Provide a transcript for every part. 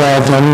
drive them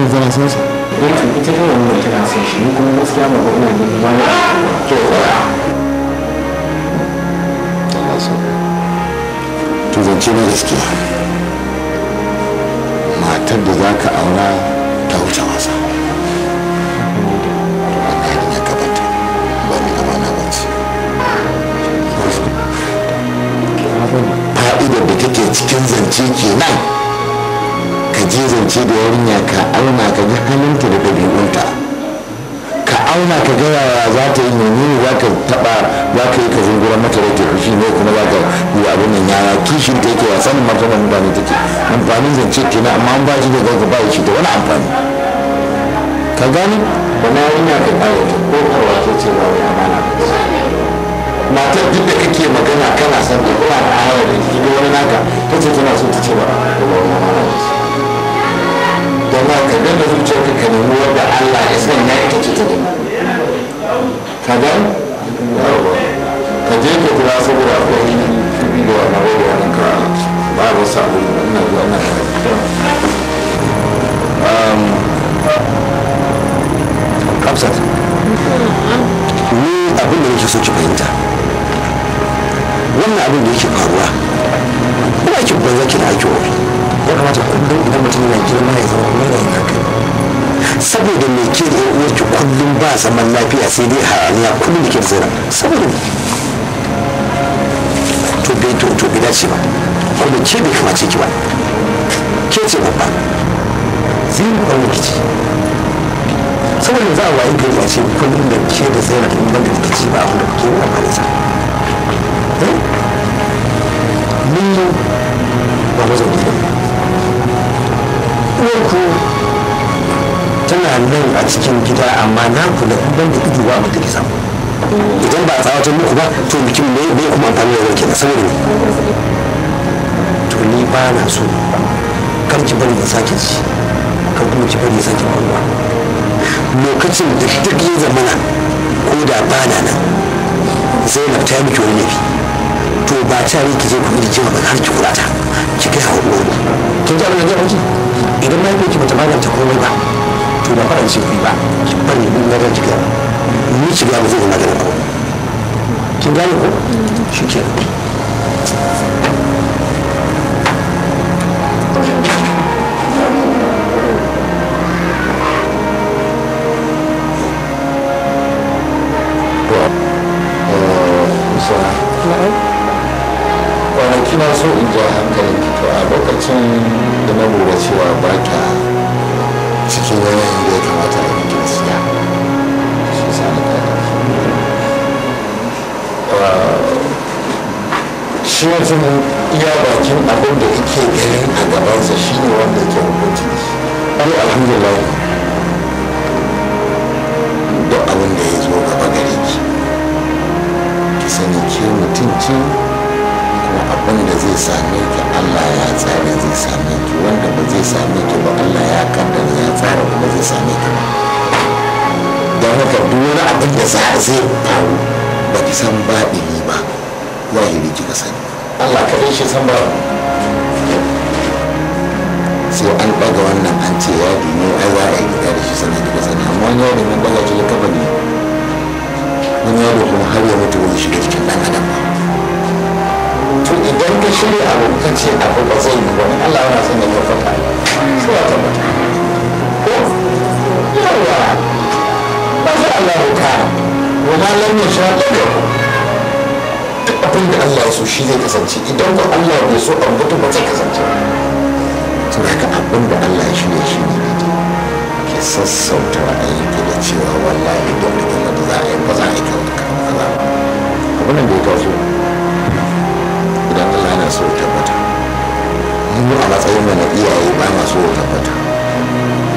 ka gan ka je ka jira saboda akwai shiri da wannan bai da wannan kara ba a wasu abu ina zuwa ina kamsat um, ni abin da nake so ki fahimta wannan abin da yake faruwa ina ki banza ki na ake wani ya kamata kullum idan mutum yana girma ya zama mai da kai. saboda mai ke da uwarki kullum ba zaman lafiya sai dai hayaniya kullum da ke zira saboda to bai to to bai dace ba kuma ke bai kamace ki ba ke ce babba zai mu ɗan rikici saboda za a wayi gari a ce kullum da ke da zainab in ban da rikici ba abin da kuke yi amfani sa ni ba mazauni ne uwarku tana nan a cikin gida amma na kula in ban da ido ba ta ke samu idan ba a tsawatar muku ba to bikin bai ne kuma amfani da wanke saboda ne to ni ba na so kar ki bari ya sake ci kar kuma ki bari ya sake kwalwa lokacin da duk ya zamana ko da ba na nan na ta yi miki wani laifi to ba ta ne ki je ku iri cewa har ki kula ta ki kai hawa uwarku kin ji abin da zai idan ma yake ki bata magance komai ba to da fara ce ba bari in na da jiga ni ci ga zai da ko kin gane ko shikenan eh, kina so in ja hankalin to a lokacin da na lura cewa ba ta cikin yanayin da ya kamata a yi gaskiya shi ah, iya bakin abin da yake ganin a gabansa shi ne wanda hukunci ai alhamdulillah duk abin da ya zo gaba gare ki ki sani ke mutum ce Wanda zai same ki allah ya tsara zai same ki wanda ba zai same ki ba allah ya kaddara ya tsara kuma zai same ki ba don haka duk wani abin da za a zai faru ba ki san ne ba zahiri kika sani allah kaɗai shi san ba sai an ɗaga wannan an ce ya ne ai za a yi gida da shi sanar da sani amma wani yadda mun ɗaga cikin ya kaba ne wani yadda kuma har ya mutu wani shiga cikin ɗan adam ba idan ka shirya abu ka ce abu ba zai yi wani Allah yana son ya tabbata so ya tabbata ko yawa ba zai Allah ya ka wa ma lam yasha tabi'u duk abin da Allah ya so shi zai kasance idan ko Allah bai so abu to ba zai kasance to haka abin da Allah ya shirya shi ne ke sassauta ra'ayinka da cewa wallahi duk da za a yi ba za a yi kyau da kan abin da ya kawo na so tabbata mu a matsayin mu na iyaye ba na so tabbata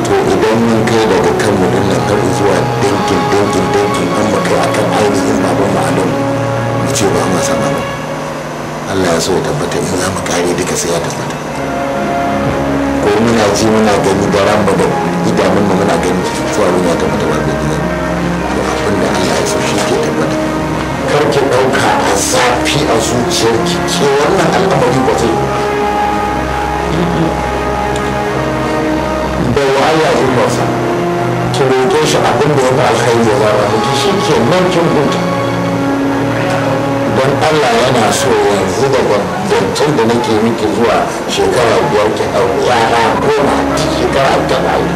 to idan mun kai daga kanmu din nan har zuwa dinkin dinkin dinkin an mu kai akan ainihin baban mu anan mu ce ba ma sama ba Allah ya so tabbata in za mu kare duka sai ya tabbata ko muna ji muna gani da ramba da idanun mu muna gani cewa ya tabbata ba da gidan to abin da Allah ya so shi ke tabbata karki ɗauka a zafi a zuciyarki ke wannan al'amari ba zai da wa'ala zubarsa ki roƙe shi abin da wani alkhairi ya zaba miki shi ke nan kin huta don allah yana so yanzu da gwamnatin da nake miki zuwa shekara biyar ki ɗau yara goma ta shekara ta bayi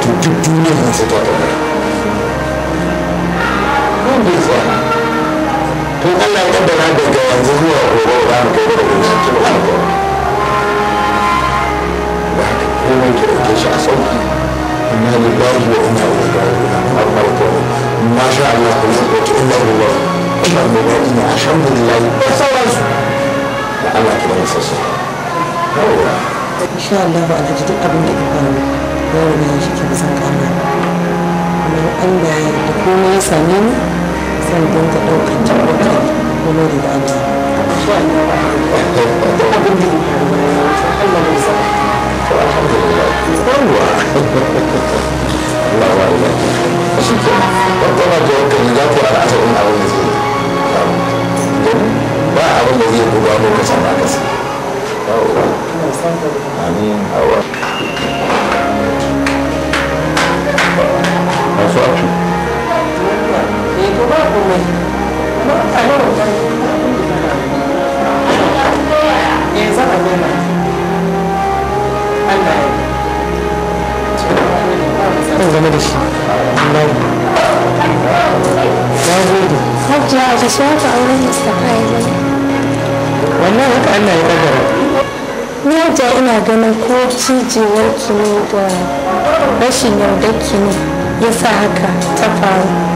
to duk duniyar su ta ɗaukar. Wanda ya in Allah daga yanzu a sauki inna lillahi wa inna ilaihi raji'un ya ya same ni zan dinga ɗaukar tabbata kuma da dani. ba abin da zai guba lokacin da ne to a yau ne eh, za a nema Allah ya zan zama da shi a ya zama ina ganin ko cijewar da rashin yaudar ya sa haka ta faru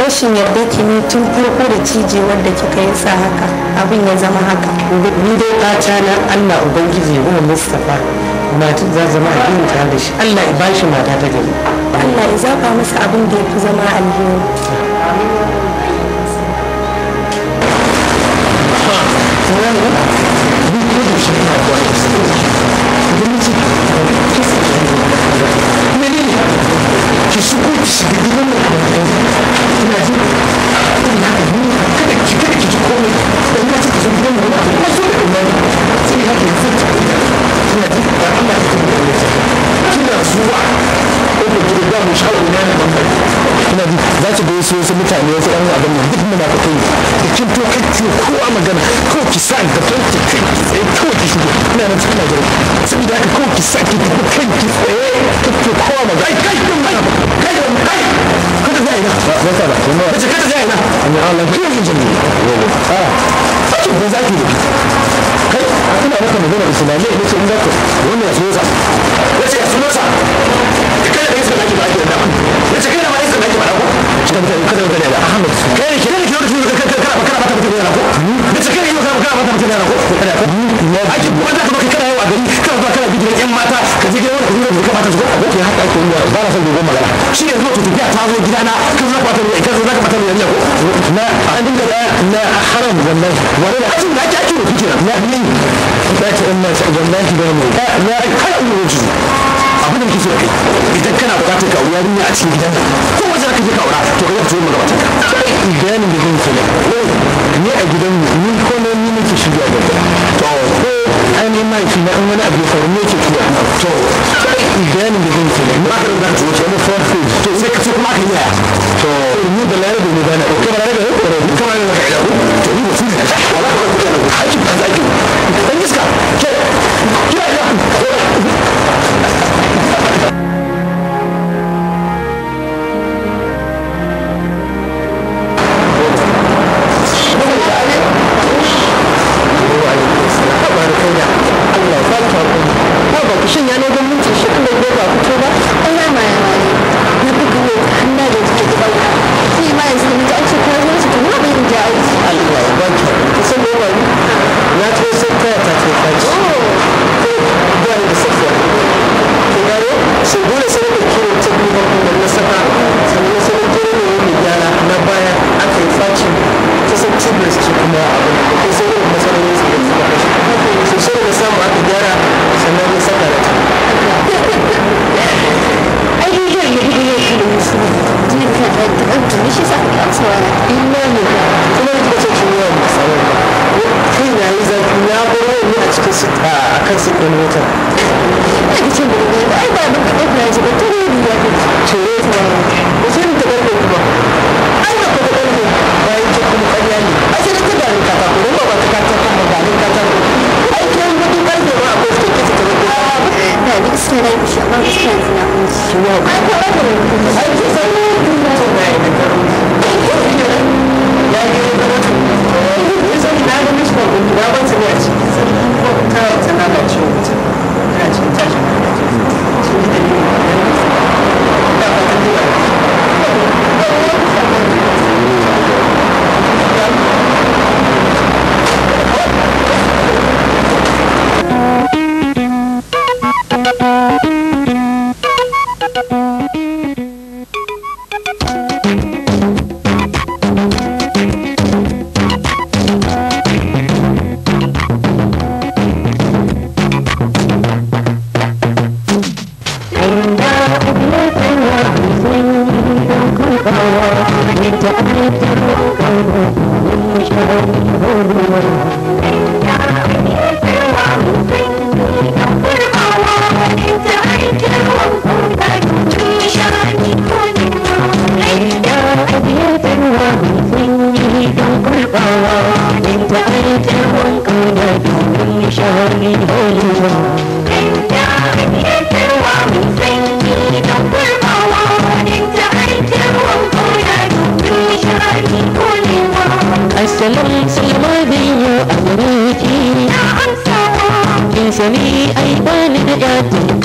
rashin yarda ki ne tun farko da cijewar da kika yi sa haka abin ya zama haka ni dai fata na Allah ubangiji ya goma Mustafa mata za zama a yin tare da shi Allah ya bashi mata ta gari Allah ya zaba masa abin da ya fi zama alheri Thank you. 是国企给我们工资，工资拿你低，肯定肯定就可能，人家就是不给我们工资了，所以他们经常就自己。kina ji da Allah ya tsare da kina zuwa ko ku ji da mu shawo ne da mun kina za mutane wasu ɗan abin nan duk muna fito da kin to kake kowa magana ko ki sa ga to ki kai ko ki shigo ina nan cikin gari saboda haka ko ki sa ki to kai ki eh kake kowa magana kai kai kai kai kada zai na ba ba ba kada zai na an Allah ki mu jami'a ah idan za ki rubuta kai a tana maka magana islamiyya ne ce in za ka wannan ya sunansa ya ce ya sunansa kai da kai suka zaki ba ake da ya ce kai da ma ake faɗa ko shi da mutane kada mutane da ahmad kai ne kai ne kiro kiro kana kana kana bata mutane da ko da ce kai ne kana kana bata mutane da ko kada ko ake kuma da kuma kana yawa gari kana zuwa kana gidan yan mata ka je gidan wani kuma ka bata su ko ko ya haka ko ba na son dogon magana shi ne zuwa tafiya ta zo gidana ka zo bata ruwa ka zo zaka bata ruwa ko na an dinga da na haram abin da muke so kai idan kana bukatar ka aure yarinya a cikin gidan nan ko wajen ka je ka aura to ka zo mu gabata idan da zan ce ne a gidan mu ni ko ne ni nake shirya da to ko ainihin mahaifi na an wani abu ya faru ne ke tura to idan da zan ce ne ba ka da zan ce ne fourth to sai ka ce kuma aka yi yaya to ni da lalata ne ba na ɗauke ba lalata ne ko kuma lalata ka idan to ni ba su ne wala ka ba ku ta nan aikin ban zaki ɗan iska ke kira ya bata ne a sannan kuma ta lalace mutum kana cikin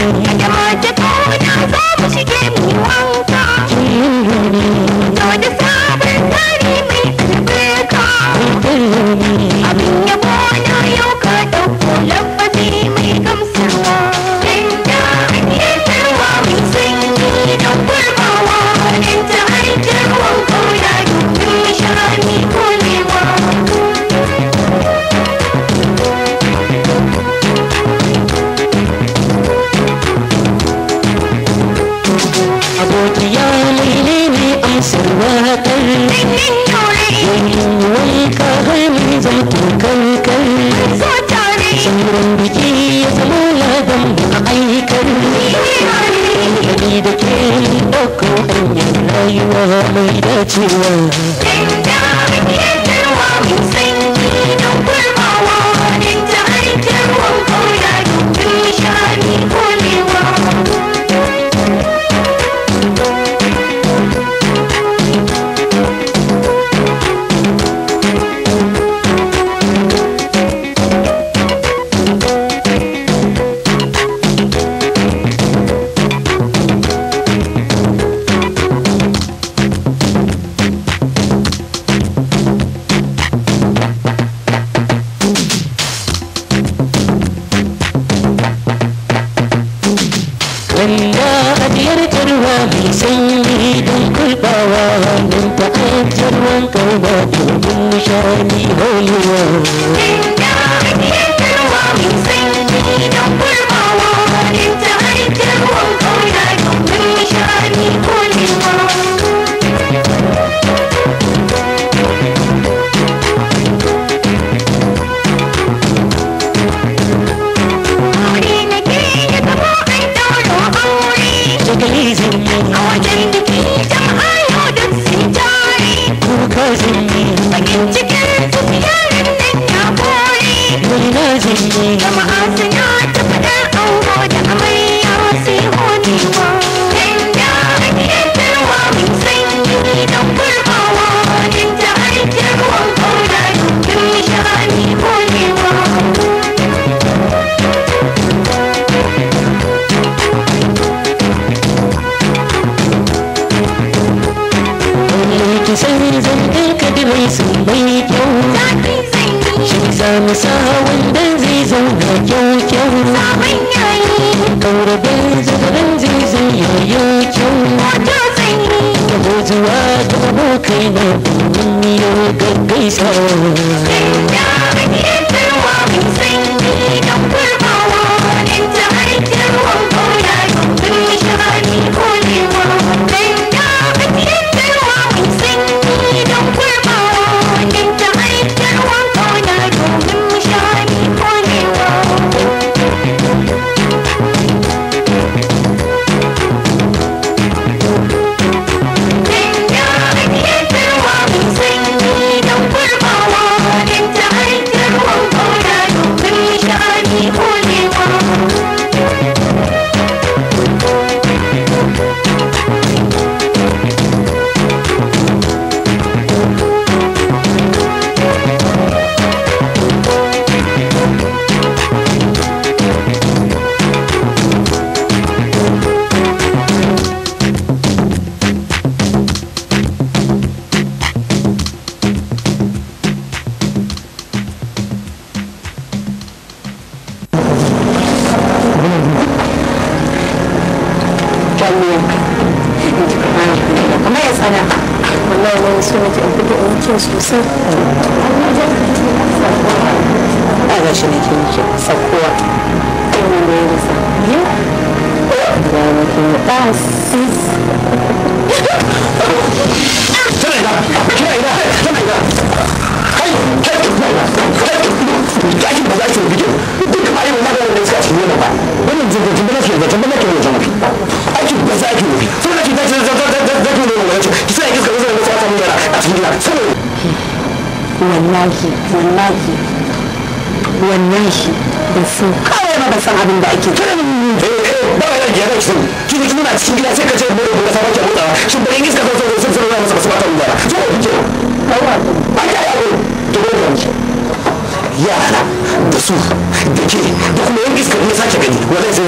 Yamma ta kawo na za mu shige rayuwa mai dacewa. Ding dong, Come on, sing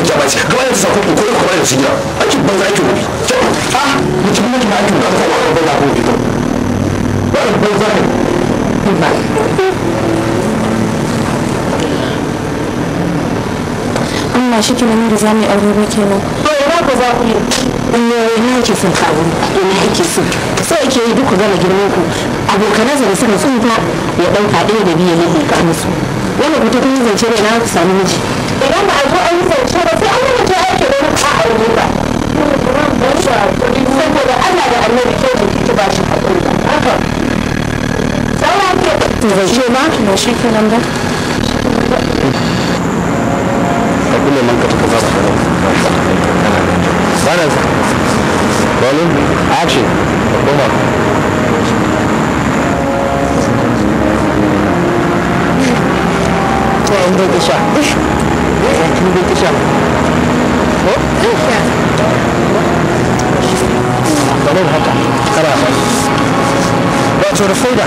ja ba ce gaba da ta sako ko ko da shi gida ake ban zaki wuri a mutum ne ma ake ban zaki ko ban zaki ko ba ban zaki ba Allah shi kenan da zamu aure ba kenan to Ina ko za ku yi eh, ina yake son ka aure ina yake so sai yake yi duk gama girman ku abokanansa da suka tsufa ya dauka ɗaya da biyu ne lebe ka musu wannan mutum ta kun zance ne na ku sami miji idan ba a zo an yi zance ba aure ba yin kuran ban shi hakuri saboda Allah da annabi ke da kike ba shi hakuri ba haka tsawon ke da zai shi ma na shi kenan ba abu ne man ka ta kaza ko bari haka kara ba wato rufaida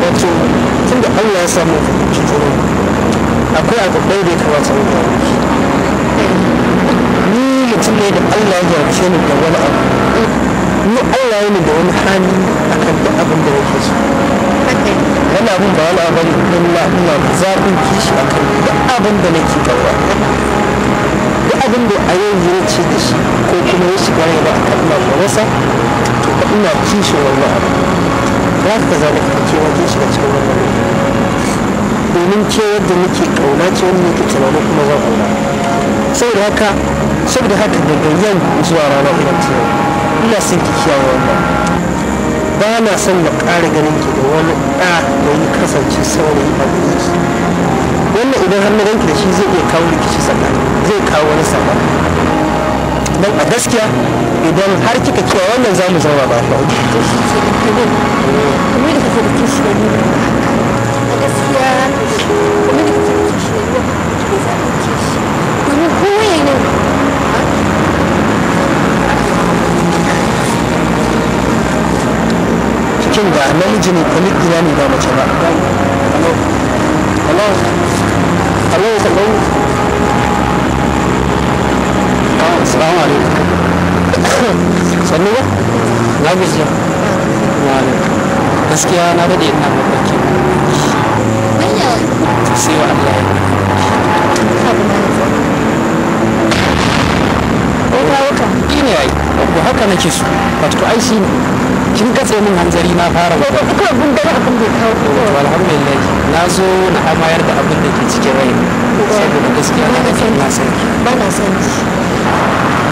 da allah ya samu shi tsoro akwai abu ɗaya da ya kamata mu gano ni mutum ne da allah ya jarabce da wani abu ni allah ya da wani hali akan duk abin da nake so wani abin ba wani abu ne ina ina zafin kishi akan duk abin da nake gaba abin da a yau yi ce da shi ko kuma ya shiga ya ba a kan makonasa to ina kishi wannan abu za ka zaɓi ka kewa ke shiga cikin wannan domin ke yadda nake ƙauna ce wanda nake tunanin kuma zan aura saboda haka saboda haka daga yau zuwa rana ina ta ina son ki kiyaye wannan ba na son na ƙara ganin ki da wani ɗa da ya kasance saurayi a gare wannan idan har na ganki da shi zai iya kawo rikici tsakani zai kawo wani sabani dan a gaskiya idan har kika cewa wannan za mu zama ba ta cikin da namiji ne kwalik ne ba mace ba Allah ya sallau Assalamu alaikum sannu ba na gajiya gaskiya na dade ina mafarki sai wa Allah ya ne ai haka nake so wato ai shi ne kin katse min hanzari na fara ba ba kuka abin da abin da kawo alhamdulillah na zo na amayar da abin da ke cikin rai saboda gaskiya na da san na san ba na san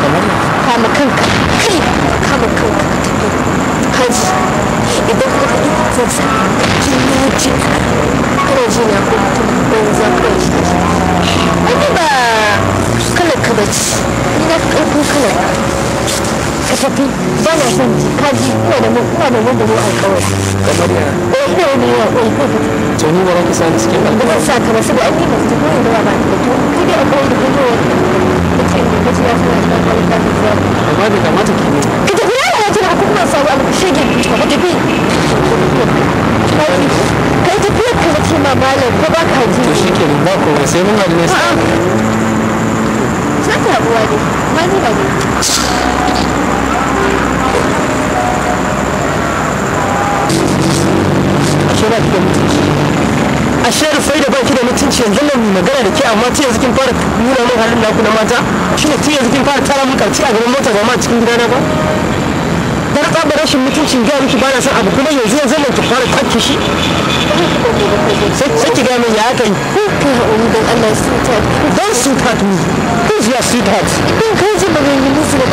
kamar kama kanka kai kama kanka kai idan ka faɗi zan sa kin ki kare ji na ko ban za ka ji wani ba kana kabaci ni na fi kana ka tafi ba na son ji ka ji ina da ina da ne alkawari kamar ya eh, ina da yawa ko to ni ba ka sa ni cikin alkawari ba sa ka ba saboda ba su ko da ba ba to ki da ko da ko ko ce ne kace ya fara da Ka da ba amma da kamata ki ne ki tafi ya kuma sabu alƙa shege ka tafi kai tafi ka ce ma malam ko ba ka ji to shikenan ba ko sai mun ga ne sai ka buwa dai ma ba ne a ba ki da mutunci da baki da mutunci yanzu nan mai magana da ke amma ta yanzu kin fara nuna min halin da na mata shi ne ta yanzu kin fara tara mun karci a gaban mota ba ma cikin gidana ba dan tsabar rashin mutuncin gaya miki ba na son abu kuma yanzu yanzu nan ki fara kishi sai ki gaya min ya haka yi kai haƙuri don sweetheart me who's your sweetheart don kai ji maganganu su da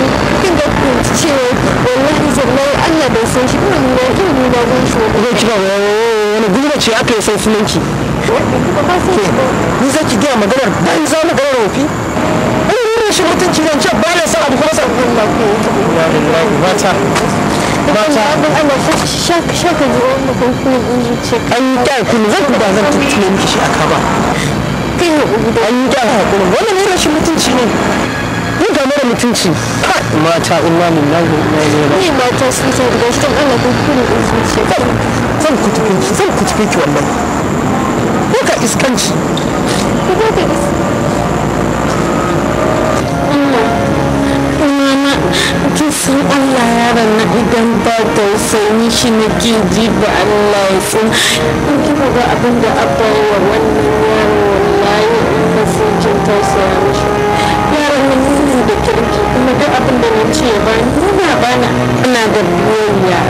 kin ga cewa wallahi zallai Allah bai san shi kuma na iya nuna gun shi zai kira wani gulma ce aka san sunanki ni zai ki gaya maganar banza maganar wofi wani wurin shi mutunci zan ce ba na san abu kuma san mata shaka ji wani kunkunin in zuciya an yi kya kuma zan ba zan tuttune miki shi aka ba kai hakuri da an yi kya hakuri rashin mutunci ne ni ga mara mutunci mata inna lillahi wa inna ilaihi raji'un mata sun ce da kan Allah in zuciya zan zan kutufe ki wallahi ko iskanci sun Allah yaron na idan ba tausayi shi na ke ji ba Allah ya san in kika ga abin da abba yi wa wannan yaro wallahi in ba sai jin tausaya mishi da kirki kuma duk abin da na ce ba ni na ana da biyayya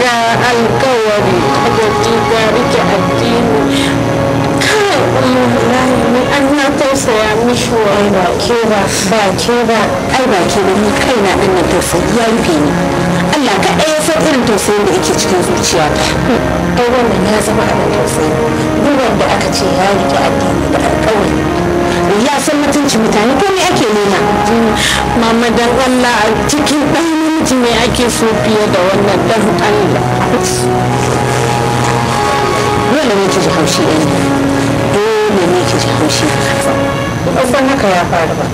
ga alkawari a da ga rike addini tausaya mishi wa ba ke ba ba ke ba ai ba ke ba ni kai na ɗan na tausayi ya rufe ni Allah ka ɗaya san irin tausayin da yake cikin zuciya ai wannan ya zama a abin tausayi duk wanda aka ce ya rike addini da alƙawari ya san mutunci mutane ko me ake nema mama dan Allah a cikin ɗan namiji me ake so fiye da wannan dan Allah dole ne ki ji haushi ɗaya ne ne ke ji haushi ba san haka ya faru ba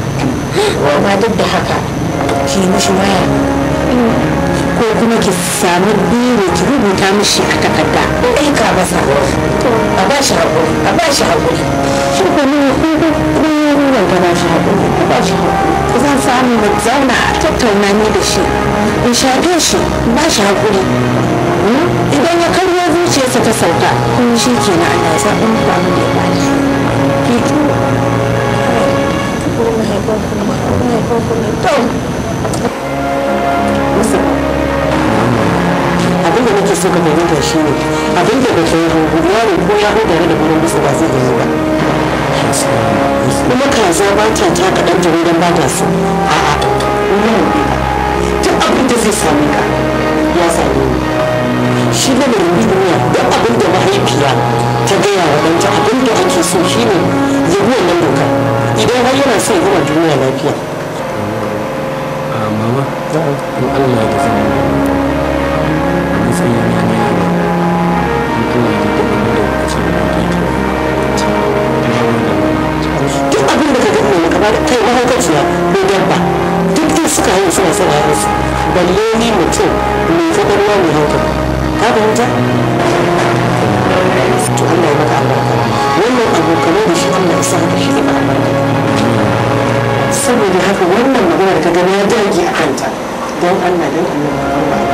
amma duk da haka ki mishi waya ko kuma ki samu biro ki rubuta mishi a takarda in eh, ka masa a ba shi haƙuri a ba shi haƙuri shi ko ne ruwan ta ba shi haƙuri a ba shi haƙuri zan samu mu zauna a tattauna ni da shi in shafe shi ba shi haƙuri hmm? idan ya karya zuciyarsa ta sauka kuma shi ke na Allah in ba mu da ba ki tu Thank you. nake so ka fahimta shi ne abin da kake yi ya ko ya huda da gurin bisa ba zai gani ba kuma kaza ba ta ta kaɗan ta ba ta so a'a wannan ne ba duk abin da zai sami ka ya sami ni shi ne mai rubi duniya duk abin da mahaifiya ta gaya wa ɗanta abin da ake so shi ne ya bi wannan doka idan har yana son gama duniya lafiya. mama Allah ya zama saboda haka wannan magana ta gani ya dage a kanta don Allah don Allah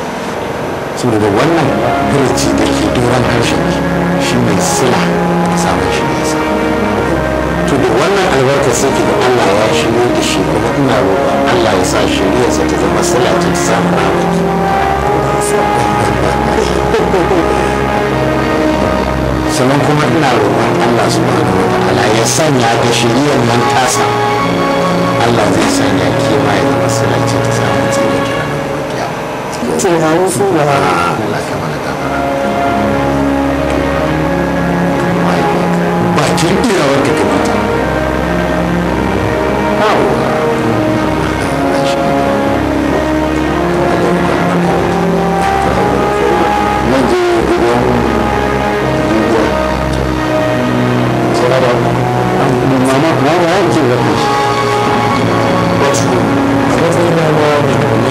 saboda wannan birci da ke doron harshen shi mai sila samun shi sa. to da wannan albarkar sake da allah ya shirya da shi kuma ina roƙon allah ya sa shiryarsa ta zama sila ta samun ramaki sannan kuma ina roƙon allah da wa Allah ya sanya da shiryar nan tasa allah zai sanya kima ya masu sila ta samun tsirrai cin hansu da bakin irawar ka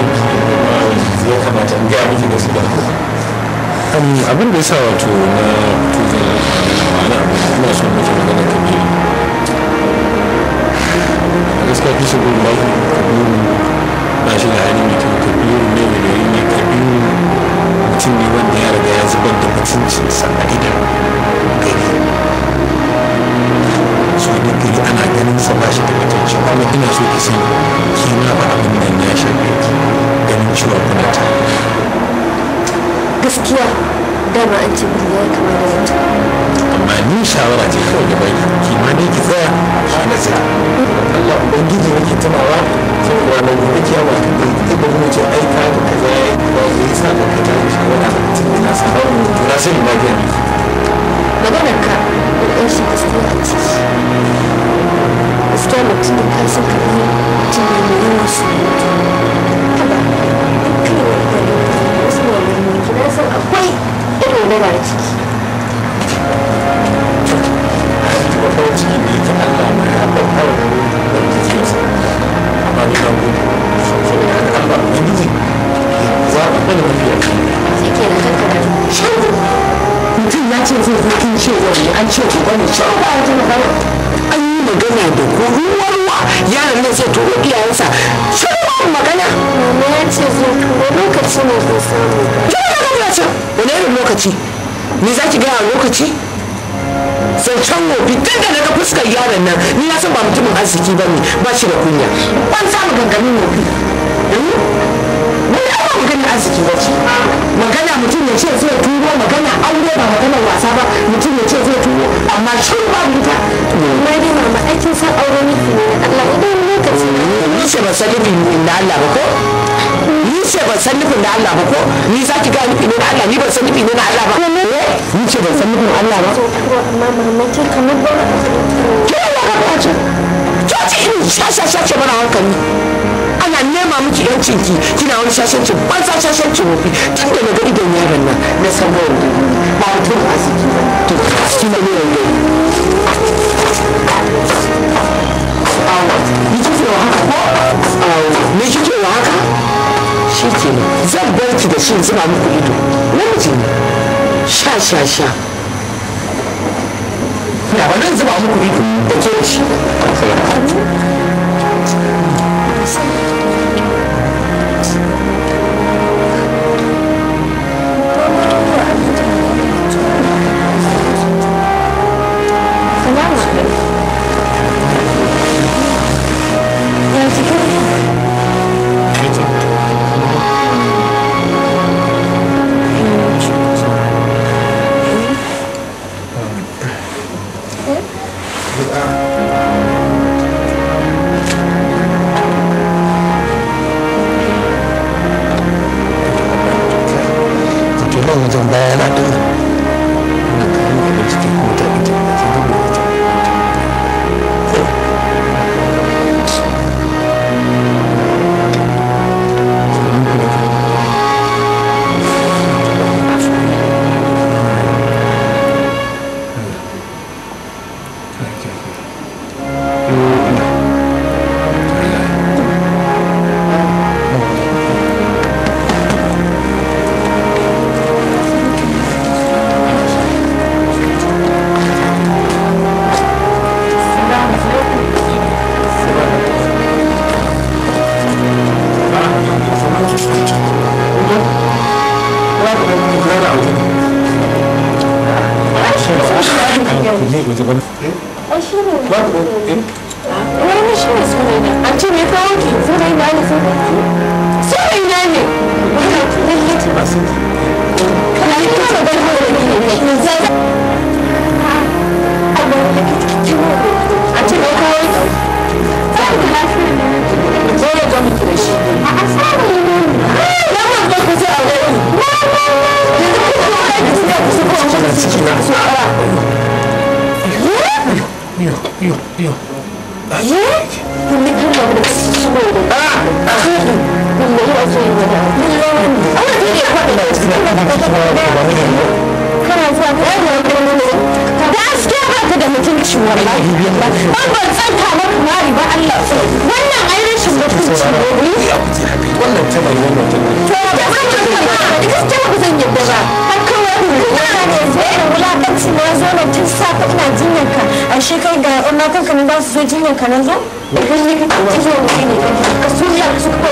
you ya kamata in gaya miki gaskiya abin da ya sa wato na tuzon ma'ana ina son mutum magana kabiru a gaskiya fi shigo ba kabiru ba shi da hali mai kyau kabiru ne da yayin ne kabiru mutum ne wanda ya riga ya zubar da mutuncinsa a gidan gari so da ana ganin sa ba shi da mutunci kuma ina so ki sani ki ma ba abin nan ya shafe ki ganin cewa kuna ta gaskiya dama an ce ya kama da amma ni shawara ce kawai da bai Allah ba ko ni za ki ga ni ne na Allah ni ban san nufi ne na Allah ba ni ce ban san nufin Allah ba ke Allah ka kwace ke ce in shasha mana hankali ana nema miki yancin ki kina wani shashancin ban sa shashancin wofi tun da na ga idon yaron nan na san wani ba mutum asiki to kina ne yanzu Awo, ni kike wa haka ko? ne ni kike wa haka? shi ke zan bar ki da shi zuba muku ido namiji ne sha sha sha ya ba zuba muku ido da ke da shi Thank you. kana zuwa ka yi da mutunci wallahi ban ban tsanta mari ba Allah wannan ai rashin mutunci ne wannan ta zan yi ba gaskiya na ne sai irin wulakanci na zo na ka a kai ga amma kanka ne ba su zo jinyar ka na zo ka so ya ka ka ka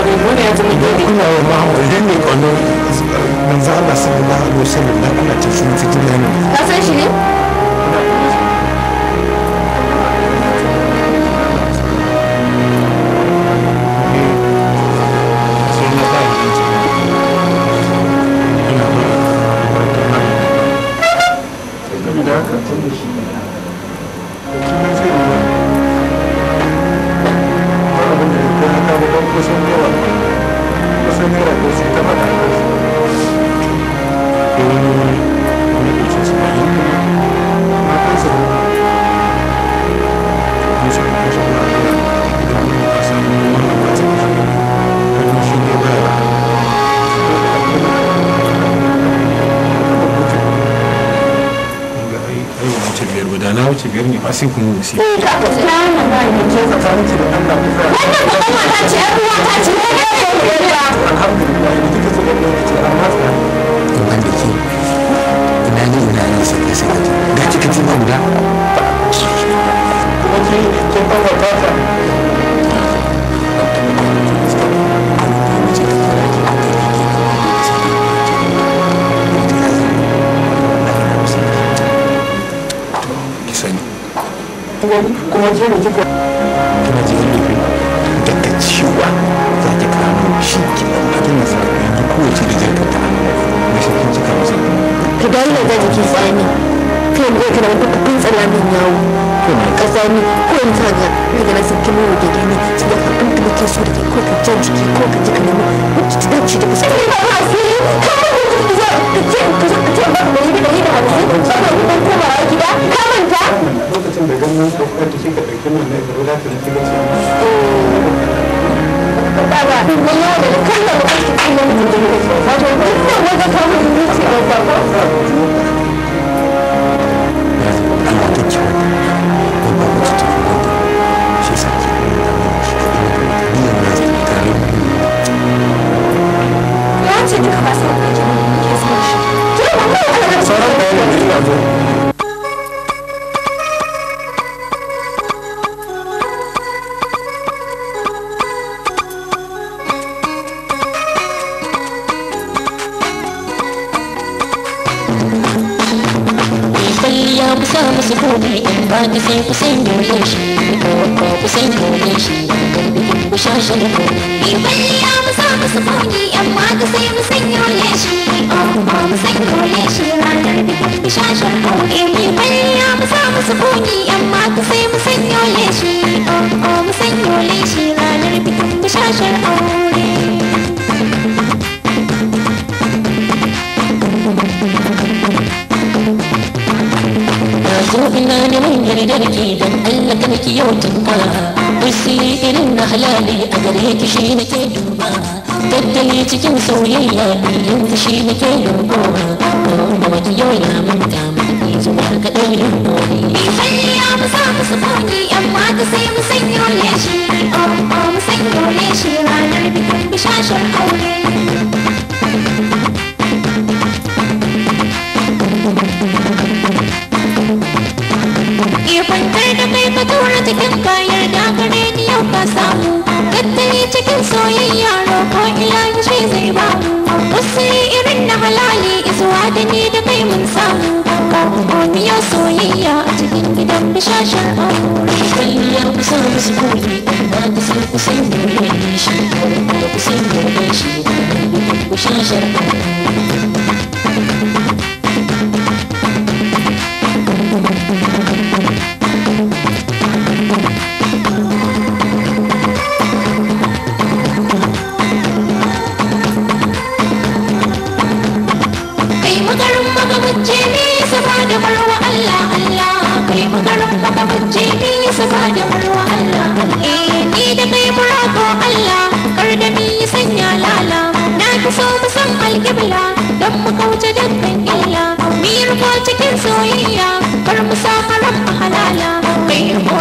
da ka ya ne Allah sallallahu alaihi wasallam da Allah ta fitina ne ka san shi ne primeira vez no Canadá. ba wuce biyar ba da na wuce biyar ne ba sai ku eh, mu wasi. Ni ka da Alhamdulillah ce kuma ke ne kika kina ji zan tafi daga cewa za ki kamo shi ki abin da zaka yi kowace da jirka ta rashin kin cika masa ki dalle da jiki tsani 그냥 내가 그냥 바쁜 사람이냐고 가사님 꼬임사냐 내가 나서 김우기에게는 진짜 가끔 그 느낌 소리 듣고 극장 죽이고 그치 그냥 뭐 진짜 죽이고 싶어 오빠가 내용을 큰일로 먹고 싶은 분들이 있어서 저는 끝나고 가서 가서 Sonra ben bir Iya kwantar da kai ka tura cikin kayan da gare ni ka samu Tattali cikin soyayya roƙo ilahi shi zai ba Wasu irin na halali isuwa da ni da kai mun samu Ka soyayya a cikin gidan bishashar aure Kwalliyar kusan musu gobe Ba ta san kusan gobe shi Kusan gobe shi Bishashar aure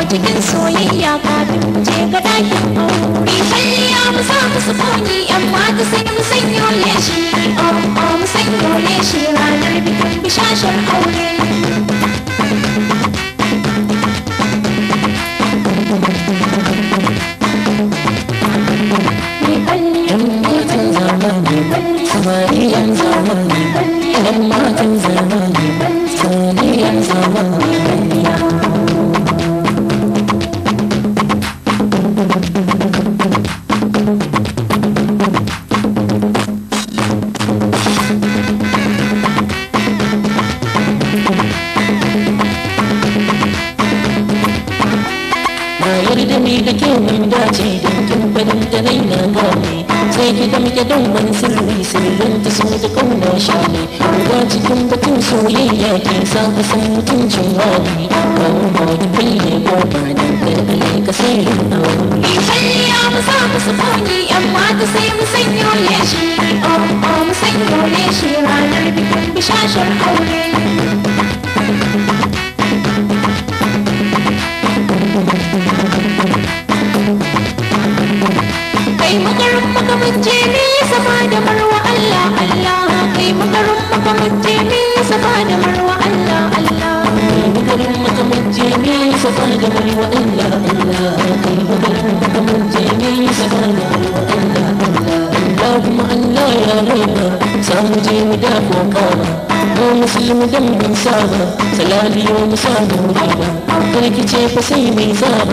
cikin soyayya kafin mu je ga ɗakin aure kwalliya mu sa musu boni yan mata sai mu sanyo shi oh oh mu ranar bikin bishashar aure mai zara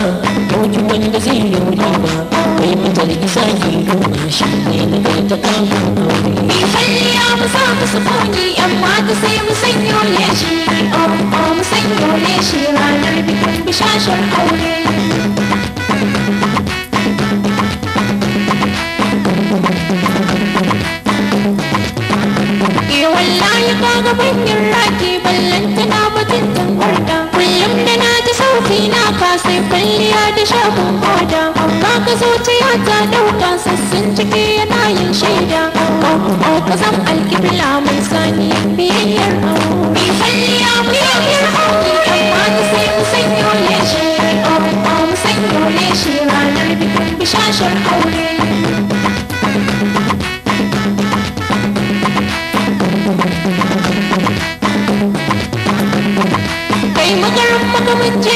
ɗauki wanda zai lura ba kai mata da isa ke duba shi ne na kai ta kama aure. Ni falle ya mu sa mu sufoni yan mata sai mu sanyo leshi oh oh mu sanyo shi ranar bikin bishashen aure. Wallahi ka ga banyan ka sai kwalliya da shagon bada amma ka zuciya ta dauka sassan ciki yana yin shaida ko ka zan alƙibla mai sani biyayyar mai kwalliya biyayyar amma ka sai mu sanyo leshi mu sanyo leshi ranar bikin bishashar aure Kai magarin makamanci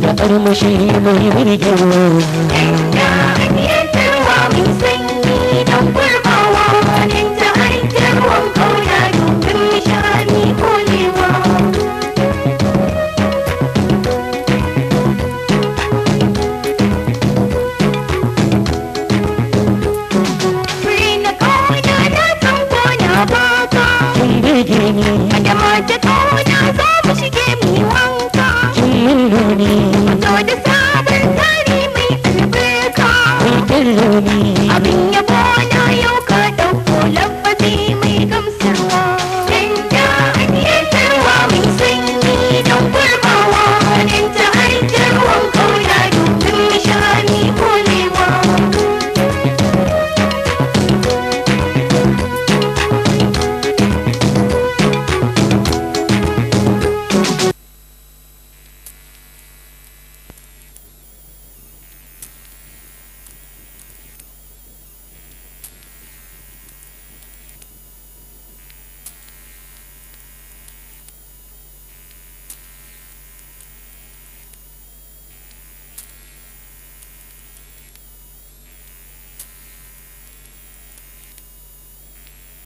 da armashi mai birgewa